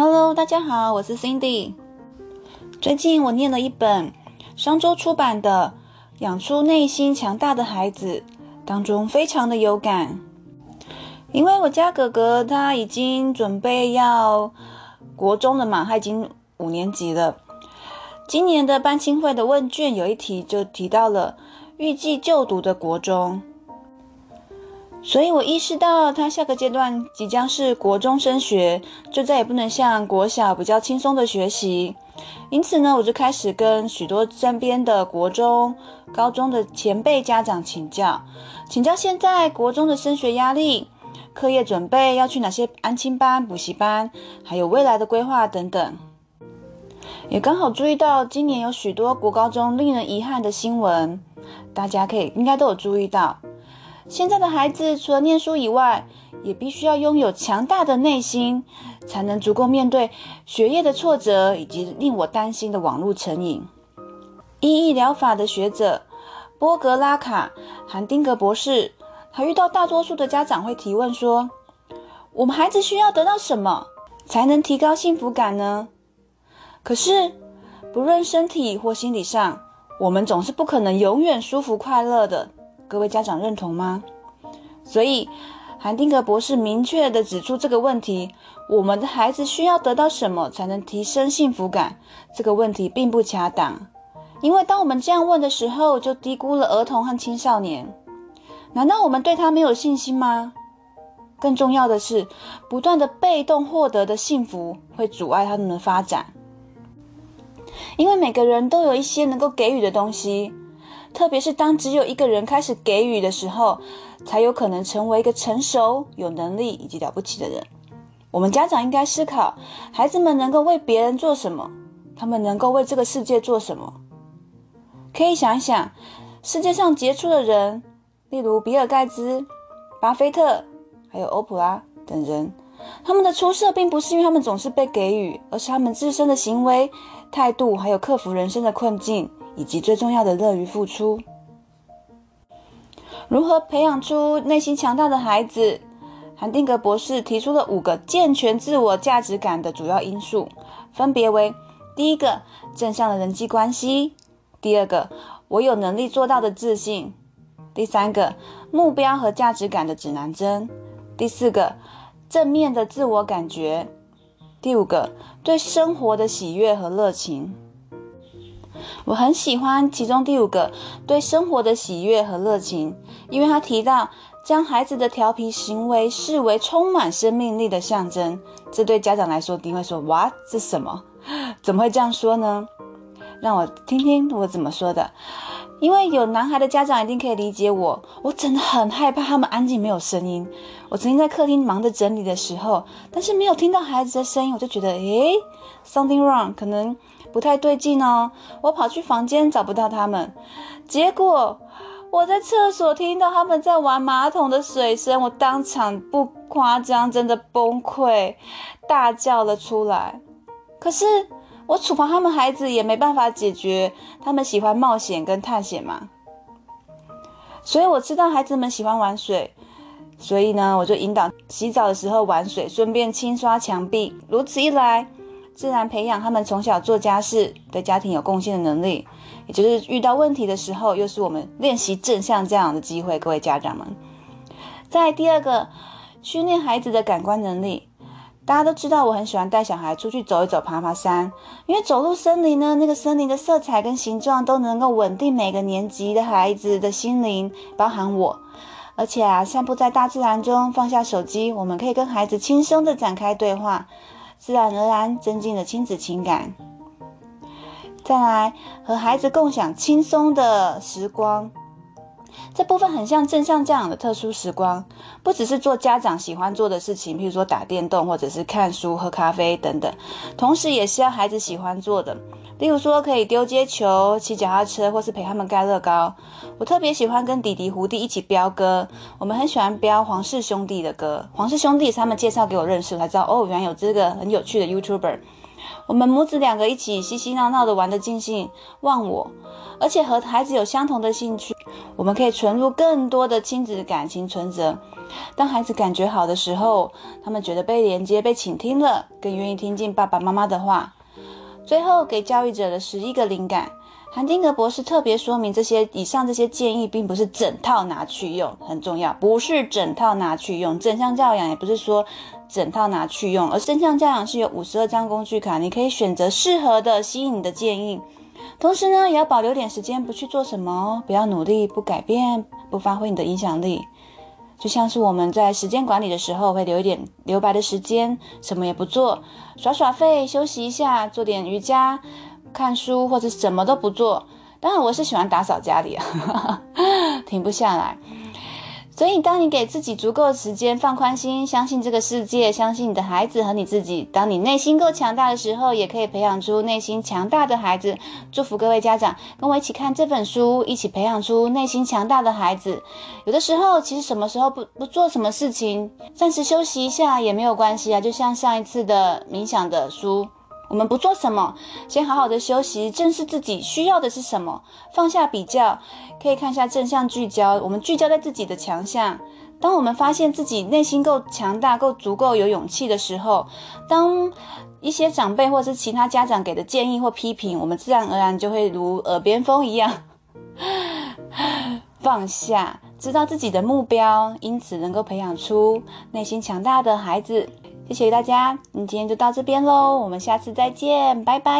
Hello，大家好，我是 Cindy。最近我念了一本商周出版的《養出內心強大的孩子》，當中非常的有感，因為我家哥哥他已經準備要國中了嘛，他已經五年級了。今年的班親會的問卷有一題就提到了預計就讀的國中。所以，我意識到他下個階段即將是國中升學，就再也不能像國小比較輕鬆的學習。因此呢，我就開始跟許多身邊的國中、高中的前輩家長請教，請教現在國中的升學壓力、課業準備要去哪些安親班、補習班，還有未來的規劃等等。也剛好注意到今年有許多國高中令人遺憾的新聞，大家可以應該都有注意到。現在的孩子，除了念書以外，也必須要擁有強大的內心，才能足夠面對學業的挫折以及令我擔心的網絡成癮。意義療法的學者波格拉卡·韓丁格博士，還遇到大多數的家長會提問說：“我們孩子需要得到什麼，才能提高幸福感呢？”可是，不論身體或心理上，我們總是不可能永遠舒服快樂的。各位家長認同嗎？所以，韓丁格博士明確地指出這個問題：我們的孩子需要得到什麼才能提升幸福感？這個問題並不恰當，因為當我們這樣問的時候，就低估了兒童和青少年。難道我們對他沒有信心嗎？更重要的是，不斷的被動獲得的幸福會阻礙他們的發展，因為每個人都有一些能夠給予的東西。特別是當只有一個人開始給予的時候，才有可能成為一個成熟、有能力以及了不起的人。我們家長應該思考，孩子們能夠為別人做什麼？他們能夠為這個世界做什麼？可以想一想，世界上傑出的人，例如比爾蓋茨、巴菲特，還有歐普拉等人。他們的出色並不是因為他們總是被給予，而是他們自身的行為、態度，還有克服人生的困境，以及最重要的樂於付出。如何培養出內心強大的孩子？韓丁格博士提出了五個健全自我價值感的主要因素，分別為：第一個，正向的人際關係；第二個，我有能力做到的自信；第三個，目標和價值感的指南針；第四個。正面的自我感覺，第五個對生活的喜悅和熱情。我很喜歡其中第五個對生活的喜悅和熱情，因為他提到將孩子的調皮行為視為充滿生命力的象徵，這對家長來說一定會說：“哇，這是什麼？怎麼會這樣說呢？”讓我聽聽我怎麼說的。因為有男孩的家長一定可以理解我，我真的很害怕他們安靜沒有聲音。我曾經在客廳忙着整理的時候，但是沒有聽到孩子的聲音，我就覺得誒，something wrong，可能不太對勁哦。我跑去房間找不到他們，結果我在廁所聽到他們在玩馬桶的水聲，我當場不誇張，真的崩潰，大叫了出來。可是，我處罰他們，孩子也沒辦法解決。他們喜歡冒險跟探險嘛，所以我知道孩子們喜歡玩水，所以呢，我就引導洗澡的時候玩水，順便清刷牆壁。如此一來，自然培養他們從小做家事，對家庭有貢獻的能力。也就是遇到問題的時候，又是我們練習正向教養的機會。各位家長們，再來第二個訓練孩子的感官能力。大家都知道我很喜歡帶小孩出去走一走、爬爬山，因為走入森林呢，那個森林的色彩跟形狀都能夠穩定每個年紀的孩子的心靈，包含我。而且啊，散步在大自然中，放下手機，我們可以跟孩子輕鬆的展開對話，自然而然增進了親子情感。再來，和孩子共享輕鬆的時光。這部分很像正向教養的特殊時光，不只是做家長喜歡做的事情，譬如說打電動或者是看書、喝咖啡等等，同時也需要孩子喜歡做的。例如說可以丟接球、騎腳踏車，或是陪他們蓋樂高。我特別喜歡跟弟弟胡弟一起飆歌，我們很喜歡飆黃氏兄弟的歌。黃氏兄弟是他們介紹給我認識，我才知道哦，原來有這個很有趣的 YouTuber。我們母子兩個一起嬉嬉鬧鬧地玩得盡興，忘我，而且和孩子有相同的興趣，我們可以存入更多的親子感情存折。當孩子感覺好的時候，他們覺得被連接、被傾聽了，更願意聽進爸爸媽媽的話。最後，給教育者的十一個靈感。韓丁格博士特別說明，這些以上這些建議並不是整套拿去用，很重要，不是整套拿去用。正向教養也不是說整套拿去用，而正向教養是有五十二張工具卡，你可以選擇適合的、吸引你的建議。同時呢，也要保留點時間不去做什麼哦，不要努力，不改變，不發揮你的影響力。就像是我們在時間管理的時候，會留一點留白的時間，什麼也不做，耍耍廢，休息一下，做點瑜伽。看書或者什麼都不做，當然我是喜歡打掃家裡啊，呵呵，停不下來。所以當你給自己足夠的時間，放寬心，相信這個世界，相信你的孩子和你自己。當你內心夠強大的時候，也可以培養出內心強大的孩子。祝福各位家長，跟我一起看這本書，一起培養出內心強大的孩子。有的時候，其實什麼時候不不做什麼事情，暫時休息一下也沒有關係啊。就像上一次的冥想的書。我們不做什麼，先好好的休息，正視自己需要的是什麼，放下比較，可以看一下正向聚焦。我們聚焦在自己的強項。當我們發現自己內心夠強大、夠足夠有勇氣的時候，當一些長輩或者是其他家長給的建議或批評，我們自然而然就會如耳邊風一樣放下。知道自己的目標，因此能夠培養出內心強大的孩子。謝謝大家，那今天就到這邊嘍，我們下次再見，拜拜。